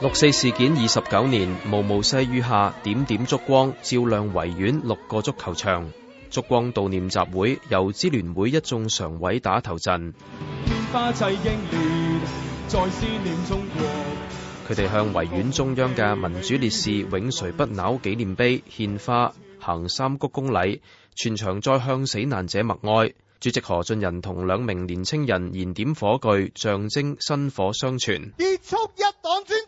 六四事件二十九年，毛毛細雨下，點點燭光照亮維園六個足球場。燭光悼念集會，由支聯會一眾常委打頭陣。佢哋向維園中央嘅民主烈士永垂不朽紀念碑獻花，行三鞠躬禮，全場再向死難者默哀。主席何俊仁同兩名年青人燃點火炬，象徵薪火相傳。結束一黨專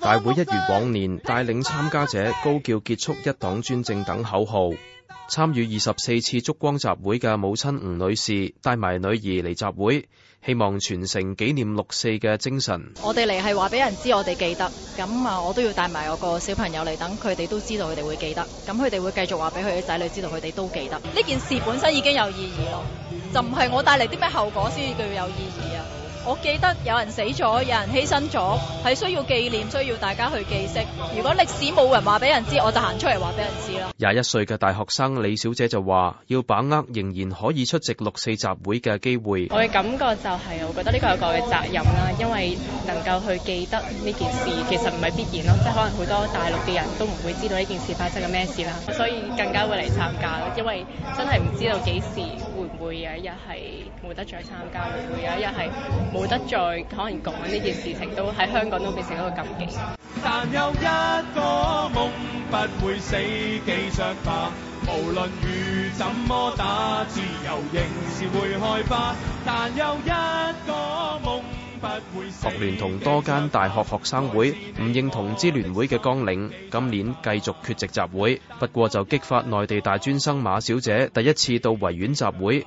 大會一如往年帶領參加者高叫結束一黨專政等口號。參與二十四次燭光集會嘅母親吳女士帶埋女兒嚟集會，希望傳承紀念六四嘅精神。我哋嚟係話俾人知我哋記得，咁啊我都要帶埋我個小朋友嚟，等佢哋都知道佢哋會記得，咁佢哋會繼續話俾佢嘅仔女知道佢哋都記得。呢件事本身已經有意義咯，就唔係我帶嚟啲咩後果先至叫有意義啊。我記得有人死咗，有人犧牲咗，係需要紀念，需要大家去記憶。如果歷史冇人話俾人知，我就行出嚟話俾人知啦。廿一歲嘅大學生李小姐就話，要把握仍然可以出席六四集會嘅機會。我嘅感覺就係、是，我覺得呢個係個人嘅責任啦，因為能夠去記得呢件事，其實唔係必然咯，即係可能好多大陸嘅人都唔會知道呢件事發生緊咩事啦，所以更加會嚟參加咯，因為真係唔知道幾時會唔會有一日係冇得再參加，會唔會有一日係。冇得再可能講呢件事情，都喺香港都變成一個禁忌。但有一個夢，不會死，記著吧！無論雨怎麼打，自由仍是會開花。但有一個夢，不會學聯同多間大學學生會唔認同支聯會嘅綱領，今年繼續缺席集會。不過就激發內地大專生馬小姐第一次到維園集會。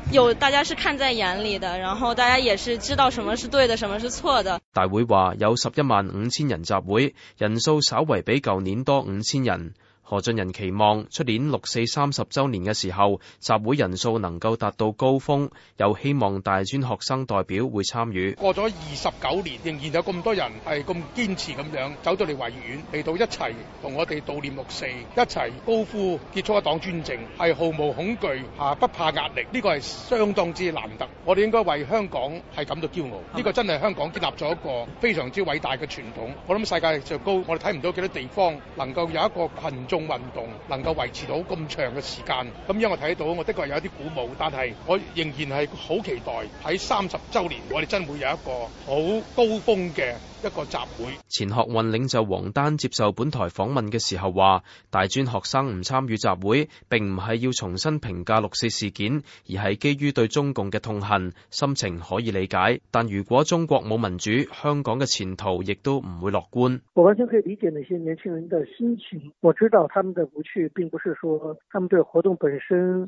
有大家是看在眼裏的，然後大家也是知道什麼是對的，什麼是錯的。大會話有十一萬五千人集會，人數稍微比舊年多五千人。何俊仁期望出年六四三十周年嘅時候，集會人數能夠達到高峰，又希望大專學生代表會參與。過咗二十九年，仍然有咁多人係咁堅持咁樣走到嚟維園嚟到一齊同我哋悼念六四，一齊高呼結束一黨專政，係毫無恐懼吓，不怕壓力，呢個係相當之難得。我哋應該為香港係感到驕傲。呢個真係香港建立咗一個非常之偉大嘅傳統。我諗世界就高，我哋睇唔到幾多地方能夠有一個群眾運動能夠維持到咁長嘅時間，咁因為我睇到，我的確有一啲鼓舞，但係我仍然係好期待喺三十周年，我哋真會有一個好高峰嘅。一個集會，前學運領袖王丹接受本台訪問嘅時候話：大專學生唔參與集會，並唔係要重新評價六四事件，而係基於對中共嘅痛恨，心情可以理解。但如果中國冇民主，香港嘅前途亦都唔會樂觀。我完全可以理解那些年輕人嘅心情，我知道他們的不去，並不是說他們對活動本身。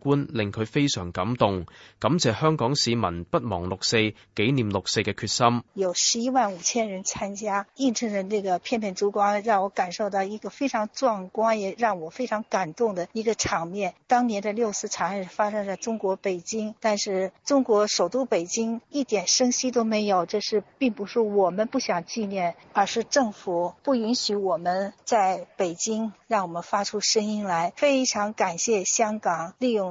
令佢非常感動，感謝香港市民不忘六四、紀念六四嘅決心。有十一萬五千人參加，映襯着呢個片片燭光，讓我感受到一個非常壯觀，也讓我非常感動的一個場面。當年的六四慘案發生在中國北京，但是中國首都北京一點聲息都沒有。這、就是並不是我們不想紀念，而是政府不允許我們在北京讓我們發出聲音來。非常感謝香港利用。